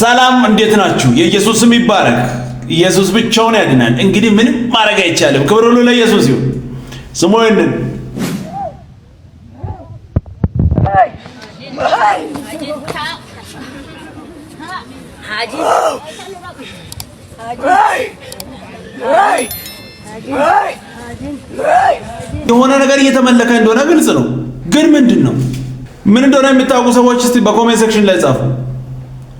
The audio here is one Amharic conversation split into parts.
ሰላም እንዴት ናችሁ? የኢየሱስ ስም ይባረክ። ኢየሱስ ብቻውን ያድናል። እንግዲህ ምንም ማድረግ አይቻልም። ክብር ሁሉ ለኢየሱስ ይሁን። ስሙ ይንን የሆነ ነገር እየተመለከ እንደሆነ ግልጽ ነው። ግን ምንድን ነው ምን እንደሆነ የሚታወቁ ሰዎች እስቲ በኮሜንት ሴክሽን ላይ ጻፉ።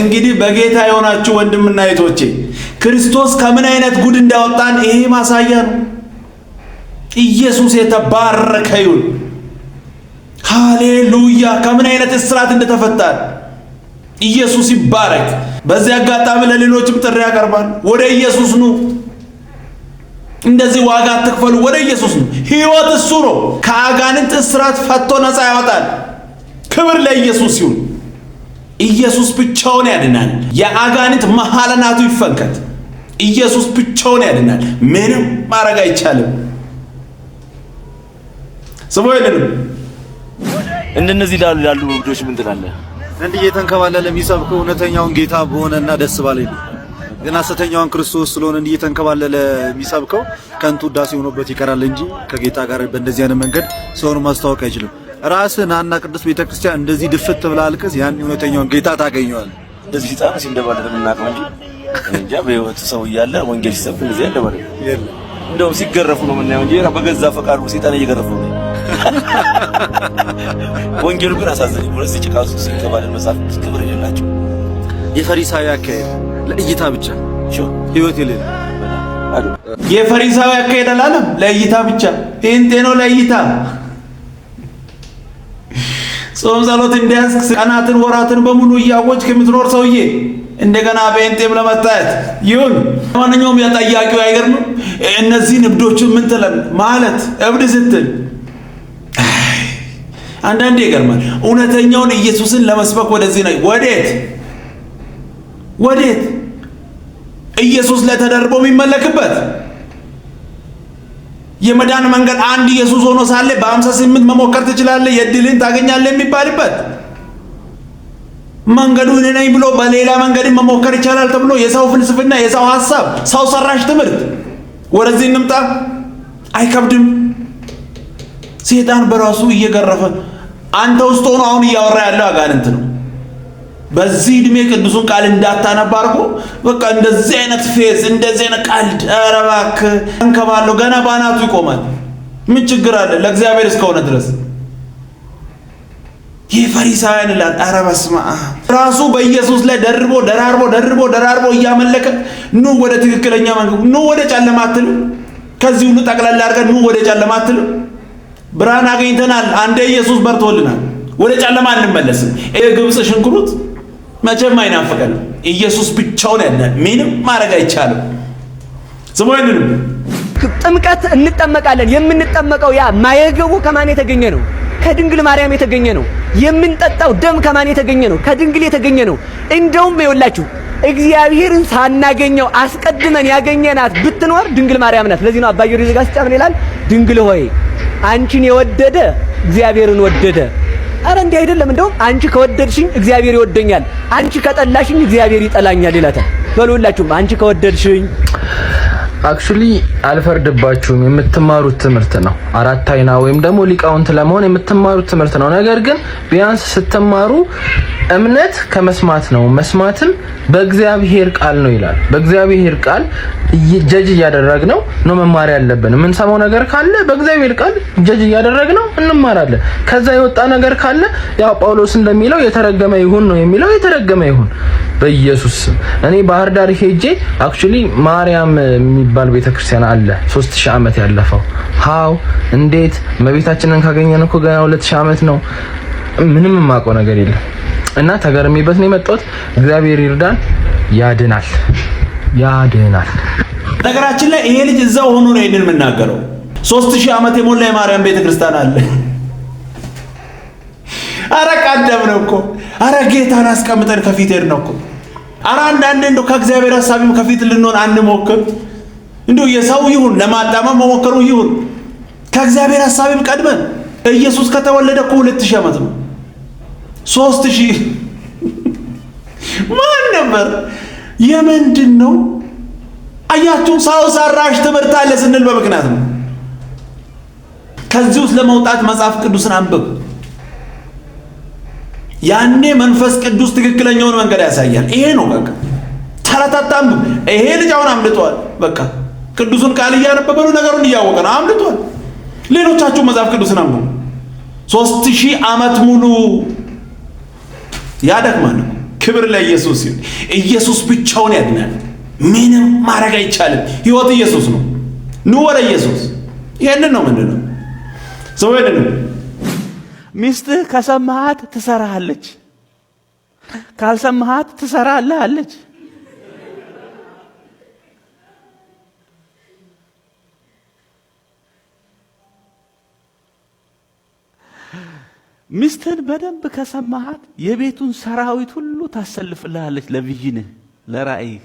እንግዲህ በጌታ የሆናችሁ ወንድምና እህቶቼ ክርስቶስ ከምን አይነት ጉድ እንዳወጣን ይሄ ማሳያ ነው። ኢየሱስ የተባረከ ይሁን። ሃሌሉያ! ከምን አይነት እስራት እንደተፈታን ኢየሱስ ይባረክ። በዚህ አጋጣሚ ለሌሎችም ጥሪ ያቀርባል። ወደ ኢየሱስ ኑ። እንደዚህ ዋጋ አትክፈሉ። ወደ ኢየሱስ ኑ። ሕይወት እሱ ነው። ከአጋንንት እስራት ፈቶ ነፃ ያወጣል። ክብር ለኢየሱስ ይሁን። ኢየሱስ ብቻውን ያድናል። የአጋንንት መሐለናቱ ይፈንከት። ኢየሱስ ብቻውን ያድናል። ምንም ማድረግ አይቻልም። ስሙ ይልንም እንደነዚህ ዳሉ ያሉ ወንዶች ምን ትላለህ? እንዲህ እየተንከባለለ የሚሰብክ እውነተኛውን ጌታ በሆነና ደስ ባለኝ ነው። ግን ሐሰተኛውን ክርስቶስ ስለሆነ እንዲህ እየተንከባለለ የሚሰብከው ከንቱ ውዳሴ ሆኖበት ይቀራል እንጂ ከጌታ ጋር በእንደዚህ አይነት መንገድ ሰውን ማስተዋወቅ አይችልም። ራስህ ናና ቅዱስ ቤተክርስቲያን እንደዚህ ድፍት ብላ አልቅስ፣ ያን እውነተኛውን ጌታ ታገኘዋል። እንደዚህ ህፃን ሲንደባደር የምናውቀው እንጂ እንጃ በህይወቱ ሰው እያለ ወንጌል ሲሰብክ ጊዜ እንደባለ እንደውም ሲገረፉ ነው የምናየው እንጂ በገዛ ፈቃዱ ሴጣን እየገረፉ ነው። ወንጌሉ ግን አሳዘነኝ። ወደዚህ ጭቃ ውስጥ ሲንደባደር መጽሐፍ ክብር የሌላቸው የፈሪሳዊ አካሄድ ለእይታ ብቻ ህይወት የሌለ የፈሪሳዊ አካሄድ አላለም። ለእይታ ብቻ ጴንጤ ነው ለእይታ ጾም ጸሎት እንዲያስክ ቀናትን ወራትን በሙሉ እያወጅክ የምትኖር ሰውዬ እንደገና በእንጤም ለመታየት ይሁን ማንኛውም የጠያቂው አይገርምም። እነዚህን እብዶችን ምን ትለን ማለት እብድ ስትል አንዳንዴ ይገርማል። እውነተኛውን ኢየሱስን ለመስበክ ወደዚህ ነው። ወዴት ወዴት ኢየሱስ ላይ ተደርቦ የሚመለክበት የመዳን መንገድ አንድ ኢየሱስ ሆኖ ሳለ በአምሳ ስምንት መሞከር ትችላለ የድልን ታገኛለህ የሚባልበት መንገዱ እኔ ነኝ ብሎ በሌላ መንገድ መሞከር ይቻላል ተብሎ የሰው ፍልስፍና፣ የሰው ሀሳብ፣ ሰው ሰራሽ ትምህርት ወደዚህ እንምጣ። አይከብድም። ሴጣን በራሱ እየገረፈ አንተ ውስጥ ሆኖ አሁን እያወራ ያለው አጋንንት ነው። በዚህ እድሜ ቅዱሱን ቃል እንዳታነባ በቃ እንደዚህ አይነት ፌዝ እንደዚህ አይነት ቃልድ ኧረ እባክህ እንከባለሁ። ገና ባናቱ ይቆማል። ምን ችግር አለ? ለእግዚአብሔር እስከሆነ ድረስ ይህ ፈሪሳውያን ላል ኧረ በስመ አብ ራሱ በኢየሱስ ላይ ደርቦ ደራርቦ ደርቦ ደራርቦ እያመለከ ኑ ወደ ትክክለኛ መንገድ ኑ ወደ ጨለማ ከዚህ ሁሉ ጠቅላላ አድርገን ኑ ወደ ጨለማ ብርሃን አገኝተናል። አንዴ ኢየሱስ በርቶልናል። ወደ ጨለማ አንመለስም። ይህ ግብፅ ሽንኩርት መቼም አይናፍቀን። ኢየሱስ ብቻውን ያለ ምንም ማድረግ አይቻልም። ስሙ ይንንም ጥምቀት እንጠመቃለን። የምንጠመቀው ያ ማየገቡ ከማን የተገኘ ነው? ከድንግል ማርያም የተገኘ ነው። የምንጠጣው ደም ከማን የተገኘ ነው? ከድንግል የተገኘ ነው። እንደውም ይወላችሁ እግዚአብሔርን ሳናገኘው አስቀድመን ያገኘናት ብትኖር ድንግል ማርያም ናት። ለዚህ ነው አባየሩ ዜጋ ሲጨምን ይላል ድንግል ሆይ አንቺን የወደደ እግዚአብሔርን ወደደ። አረ እንዲህ አይደለም፣ እንደውም አንቺ ከወደድሽኝ እግዚአብሔር ይወደኛል፣ አንቺ ከጠላሽኝ እግዚአብሔር ይጠላኛል ይላታል። በሉላችሁም አንቺ ከወደድሽኝ አክቹሊ አልፈርድባችሁም። የምትማሩት ትምህርት ነው። አራት አይና ወይም ደግሞ ሊቃውንት ለመሆን የምትማሩት ትምህርት ነው። ነገር ግን ቢያንስ ስትማሩ እምነት ከመስማት ነው፣ መስማትም በእግዚአብሔር ቃል ነው ይላል። በእግዚአብሔር ቃል ጀጅ እያደረግ ነው ነው መማር ያለብን። የምንሰማው ነገር ካለ በእግዚአብሔር ቃል ጀጅ እያደረግ ነው እንማራለን። ከዛ የወጣ ነገር ካለ ያው ጳውሎስ እንደሚለው የተረገመ ይሁን ነው የሚለው የተረገመ ይሁን በኢየሱስ ስም እኔ ባህር ዳር ሄጄ አክቹሊ ማርያም የሚባል ቤተክርስቲያን አለ 3000 ዓመት ያለፈው ሃው እንዴት መቤታችንን ካገኘን እኮ ገና 2000 ዓመት ነው። ምንም የማውቀው ነገር የለም እና ተገርሜበት ነው የመጣሁት። እግዚአብሔር ይርዳን። ያድናል፣ ያድናል። ነገራችን ላይ ይሄ ልጅ እዛው ሆኖ ነው ይሄንን የምናገረው። 3000 ዓመት የሞላ የማርያም ቤተክርስቲያን አለ። አረ ቀደም ነው እኮ አረ ጌታን አስቀምጠን ከፊት ሄድ እኮ። አረ አንዳንዴ እንደው ከእግዚአብሔር ሀሳቢም ከፊት ልንሆን አንሞክር። እንዲሁ የሰው ይሁን ለማጣመም መሞከሩ ይሁን ከእግዚአብሔር ሀሳቢም ቀድመን ኢየሱስ ከተወለደ እኮ ሁለት ሺህ ዓመት ነው። ሶስት ሺህ ማን ነበር? የምንድን ነው አያችሁ? ሰው ሰራሽ ትምህርት አለ ስንል በምክንያት ነው። ከዚህ ውስጥ ለመውጣት መጽሐፍ ቅዱስን አንብብ። ያኔ መንፈስ ቅዱስ ትክክለኛውን መንገድ ያሳያል። ይሄ ነው በቃ ተረታታም። ይሄ ልጅ አሁን አምልጧል። በቃ ቅዱሱን ቃል እያነበበ ነው፣ ነገሩን እያወቀ ነው፣ አምልጧል። ሌሎቻችሁ መጽሐፍ ቅዱስን አንብቡ። ሶስት ሺህ ዓመት ሙሉ ያደክማል። ክብር ለኢየሱስ ይሁን። ኢየሱስ ብቻውን ያድናል። ምንም ማድረግ አይቻልም። ህይወት ኢየሱስ ነው። ኑ ወደ ኢየሱስ። ይህንን ነው ምንድነው ሰው ሚስትህ ከሰማሃት ትሰራሃለች፣ ካልሰማሃት ትሰራልሃለች። ሚስትህን በደንብ ከሰማሃት የቤቱን ሰራዊት ሁሉ ታሰልፍልሃለች። ለብይንህ ለራእይህ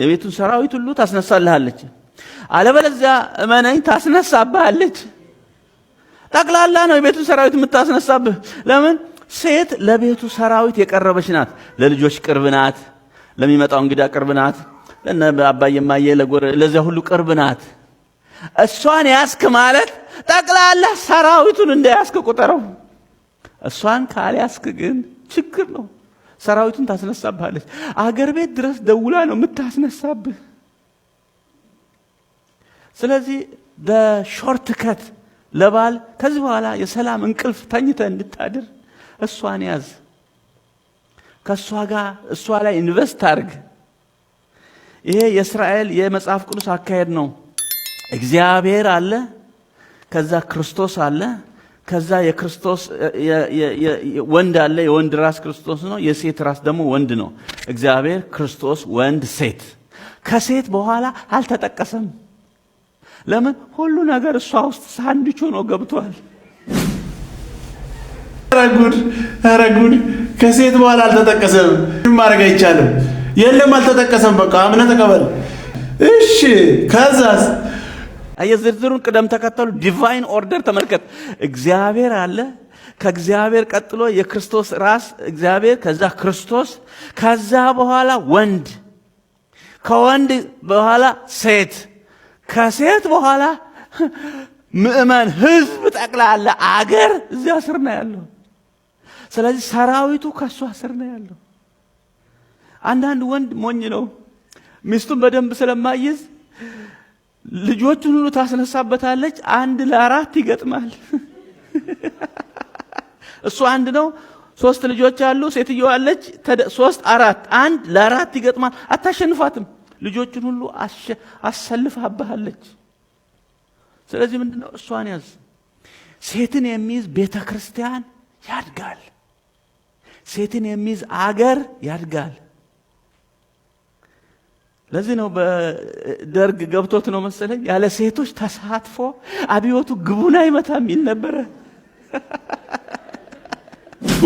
የቤቱን ሰራዊት ሁሉ ታስነሳልሃለች። አለበለዚያ እመነኝ ታስነሳብሃለች። ጠቅላላ ነው የቤቱን ሰራዊት የምታስነሳብህ። ለምን? ሴት ለቤቱ ሰራዊት የቀረበች ናት። ለልጆች ቅርብ ናት። ለሚመጣው እንግዳ ቅርብ ናት። አባዬ ማየ ለዚያ ሁሉ ቅርብ ናት። እሷን ያስክ ማለት ጠቅላላ ሰራዊቱን እንደያስክ ቁጠረው። እሷን ካልያስክ ግን ችግር ነው። ሰራዊቱን ታስነሳብሃለች። አገር ቤት ድረስ ደውላ ነው የምታስነሳብህ። ስለዚህ በሾርትከት ለባል ከዚህ በኋላ የሰላም እንቅልፍ ተኝተ እንድታድር እሷን ያዝ። ከእሷ ጋር እሷ ላይ ኢንቨስት አርግ ይሄ የእስራኤል የመጽሐፍ ቅዱስ አካሄድ ነው። እግዚአብሔር አለ፣ ከዛ ክርስቶስ አለ፣ ከዛ የክርስቶስ ወንድ አለ። የወንድ ራስ ክርስቶስ ነው፣ የሴት ራስ ደግሞ ወንድ ነው። እግዚአብሔር ክርስቶስ፣ ወንድ፣ ሴት። ከሴት በኋላ አልተጠቀሰም። ለምን ሁሉ ነገር እሷ ውስጥ ሳንድች ሆኖ ገብቷል። ረጉድ ረጉድ ከሴት በኋላ አልተጠቀሰም። ማድረግ አይቻልም። የለም አልተጠቀሰም። በቃ አምነ ተቀበል። እሺ ከዛስ የዝርዝሩን ቅደም ተከተሉ ዲቫይን ኦርደር ተመልከት። እግዚአብሔር አለ። ከእግዚአብሔር ቀጥሎ የክርስቶስ ራስ እግዚአብሔር፣ ከዛ ክርስቶስ፣ ከዛ በኋላ ወንድ፣ ከወንድ በኋላ ሴት ከሴት በኋላ ምእመን ህዝብ ጠቅላላ አገር እዚያ ስር ነው ያለው። ስለዚህ ሰራዊቱ ከእሷ ስር ነው ያለው። አንዳንድ ወንድ ሞኝ ነው። ሚስቱን በደንብ ስለማይዝ ልጆቹን ሁሉ ታስነሳበታለች። አንድ ለአራት ይገጥማል። እሱ አንድ ነው፣ ሶስት ልጆች አሉ። ሴትየዋለች ሶስት አራት፣ አንድ ለአራት ይገጥማል። አታሸንፋትም። ልጆችን ሁሉ አሰልፋብሃለች። ስለዚህ ምንድን ነው እሷን ያዝ። ሴትን የሚይዝ ቤተ ክርስቲያን ያድጋል። ሴትን የሚይዝ አገር ያድጋል። ለዚህ ነው በደርግ ገብቶት ነው መሰለኝ ያለ ሴቶች ተሳትፎ አብዮቱ ግቡን አይመታ የሚል ነበረ።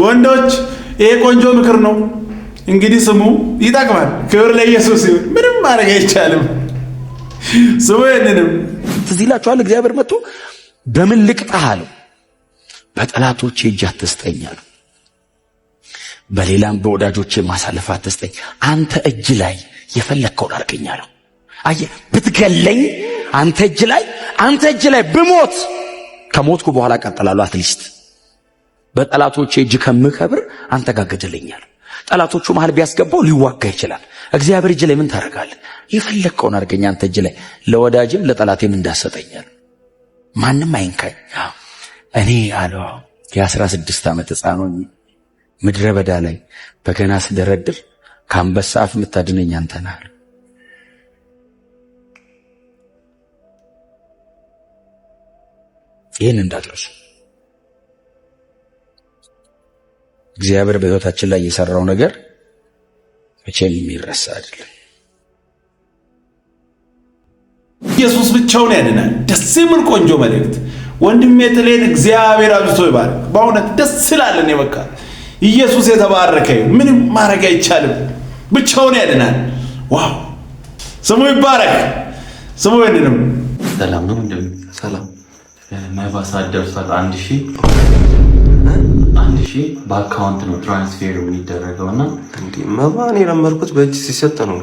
ወንዶች ይሄ ቆንጆ ምክር ነው። እንግዲህ ስሙ ይጠቅማል። ክብር ለኢየሱስ ይሁን። ምንም ማድረግ አይቻልም። ስሙ ይህንንም ትዝ ይላችኋል። እግዚአብሔር መጥቶ በምን ልቅጣህ አለው። በጠላቶቼ እጅ አትስጠኝ አለው። በሌላም በወዳጆቼ ማሳለፍ አትስጠኝ፣ አንተ እጅ ላይ የፈለግከውን አድርገኝ አለው። አየህ ብትገለኝ፣ አንተ እጅ ላይ አንተ እጅ ላይ ብሞት ከሞትኩ በኋላ ቀጠላለሁ። አትሊስት በጠላቶቼ እጅ ከምከብር አንተ ጋር ገደለኛል። ጠላቶቹ መሃል ቢያስገባው ሊዋጋ ይችላል። እግዚአብሔር እጅ ላይ ምን ታደርጋለህ? የፈለግከውን አድርገኝ አንተ እጅ ላይ ለወዳጅም ለጠላቴም እንዳሰጠኛል። ማንም አይንካኝ። እኔ አለ የአስራ ስድስት ዓመት ሕፃን ምድረ በዳ ላይ በገና ስደረድር ከአንበሳ አፍ የምታድነኝ አንተ ነህ። ይህን እንዳትረሱ። እግዚአብሔር በሕይወታችን ላይ የሰራው ነገር መቼም የሚረሳ አይደለም። ኢየሱስ ብቻውን ያድናል። ደስ የሚል ቆንጆ መልእክት። ወንድም የጥሌን እግዚአብሔር አብዝቶ ይባርክ። በእውነት ደስ ስላለን በቃ ኢየሱስ የተባረከ ምንም ማድረግ አይቻልም። ብቻውን ያድናል። ዋው ስሙ ይባረክ። ስሙ ወንድም ሰላም ነው። ሰላም ማይባሳደር አንድ ሺህ ሺህ በአካውንት ነው ትራንስፌር የሚደረገው እና መባን የለመድኩት በእጅ ሲሰጥ ነው።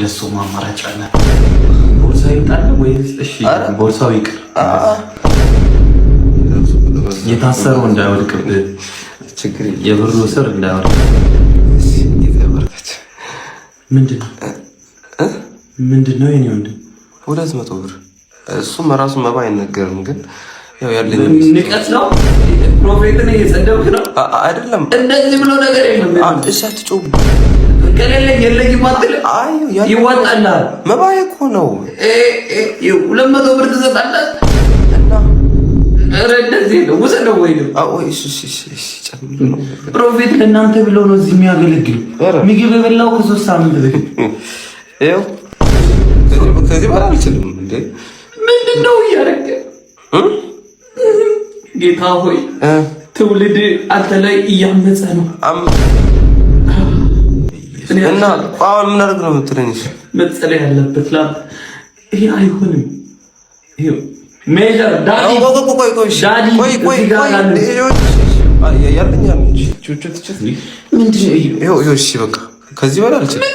ለሱ አማራጭ አለ። ቦርሳው ይውጣል ወይስ ቦርሳው ይቅር፣ የታሰረው እንዳይወድቅብህ፣ የብሩ ስር እንዳይወድቅ። ምንድን ነው የኔ ወንድም ሁለት መቶ ብር እሱም ራሱ መባ አይነገርም ግን ንቀት ነው። ፕሮፌትን እየሰደብክ ነው አይደለም? እንደዚህ ብሎ ነገር የለም። አትጮህ ከሌለ የለኝም አትልም። ይዋጣልሃል። መባዬ ነው። ሁለት መቶ ብር ትሰጣለህ። ኧረ ፕሮፌት ለእናንተ ብሎ ነው እዚህ የሚያገለግል ምግብ የበላው ከሶስት ሳምንት በፊት ከዚህ በኋላ አልችልም። ምንድን ነው እያደረገ ጌታ ሆይ ትውልድ አንተ ላይ እያመፀ ነው እና አሁን ምን አደረግ ነው የምትለኝሽ? መጸለይ ያለበት ላ ይሄ አይሆንም። ሜጀር ዳዲ በቃ ከዚህ በላይ አልችልም።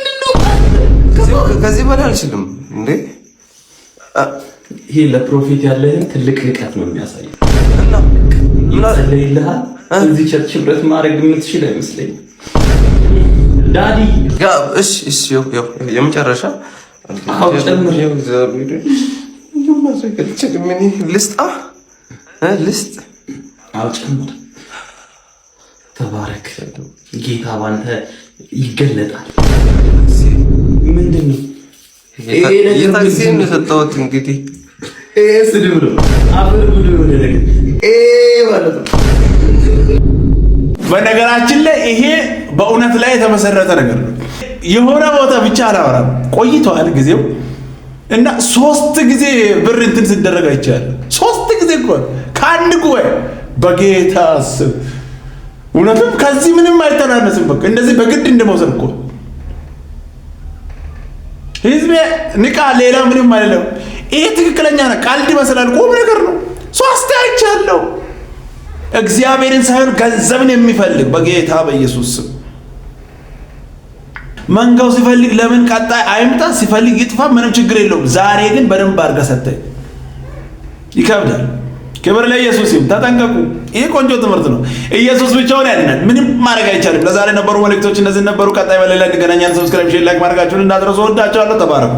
ከዚህ በላይ አልችልም። እንዴ ይሄ ለፕሮፊት ያለህን ትልቅ ርቀት ነው የሚያሳየው። ስለይልሃል እዚህ ቸርች ህብረት ማድረግ የመጨረሻ ልስጥ አውጨምር። ተባረክ፣ ጌታ ባንተ ይገለጣል። ምንድን ነው የታክሲን የሰጠሁት? እንግዲህ ይህ ስድብ ነው። አብር ብሎ የሆነ ነገር ማለት ነው። በነገራችን ላይ ይሄ በእውነት ላይ የተመሰረተ ነገር ነው። የሆነ ቦታ ብቻ አላወራም ቆይተዋል ጊዜው እና ሶስት ጊዜ ብር እንትን ስደረግ አይቻለሁ። ሶስት ጊዜ እኮ ከአንድ ጉባኤ በጌታ ስም እውነትም ከዚህ ምንም አይተናነስም። በቃ እንደዚህ በግድ እንደመውሰድ እኮ ህዝቤ ንቃ፣ ሌላ ምንም አይደለም። ይሄ ትክክለኛ ቀልድ ይመስላል፣ ቁም ነገር ነው። ሶስት አይቻለሁ። እግዚአብሔርን ሳይሆን ገንዘብን የሚፈልግ በጌታ በኢየሱስ ስም መንጋው ሲፈልግ ለምን ቀጣይ አይምጣ፣ ሲፈልግ ይጥፋ፣ ምንም ችግር የለውም። ዛሬ ግን በደንብ አድርገህ ሰጠኝ። ይከብዳል። ክብር ለኢየሱስ ይሁን። ተጠንቀቁ። ይሄ ቆንጆ ትምህርት ነው። ኢየሱስ ብቻውን ያድናል። ምንም ማድረግ አይቻልም። ለዛሬ ነበሩ መልእክቶች እነዚህ ነበሩ። ቀጣይ በሌላ እንገናኛለን። ሰብስክራይብ፣ ሼር፣ ላይክ ማድረጋችሁን እንዳትረሱ። ወዳችኋለሁ። ተባረኩ።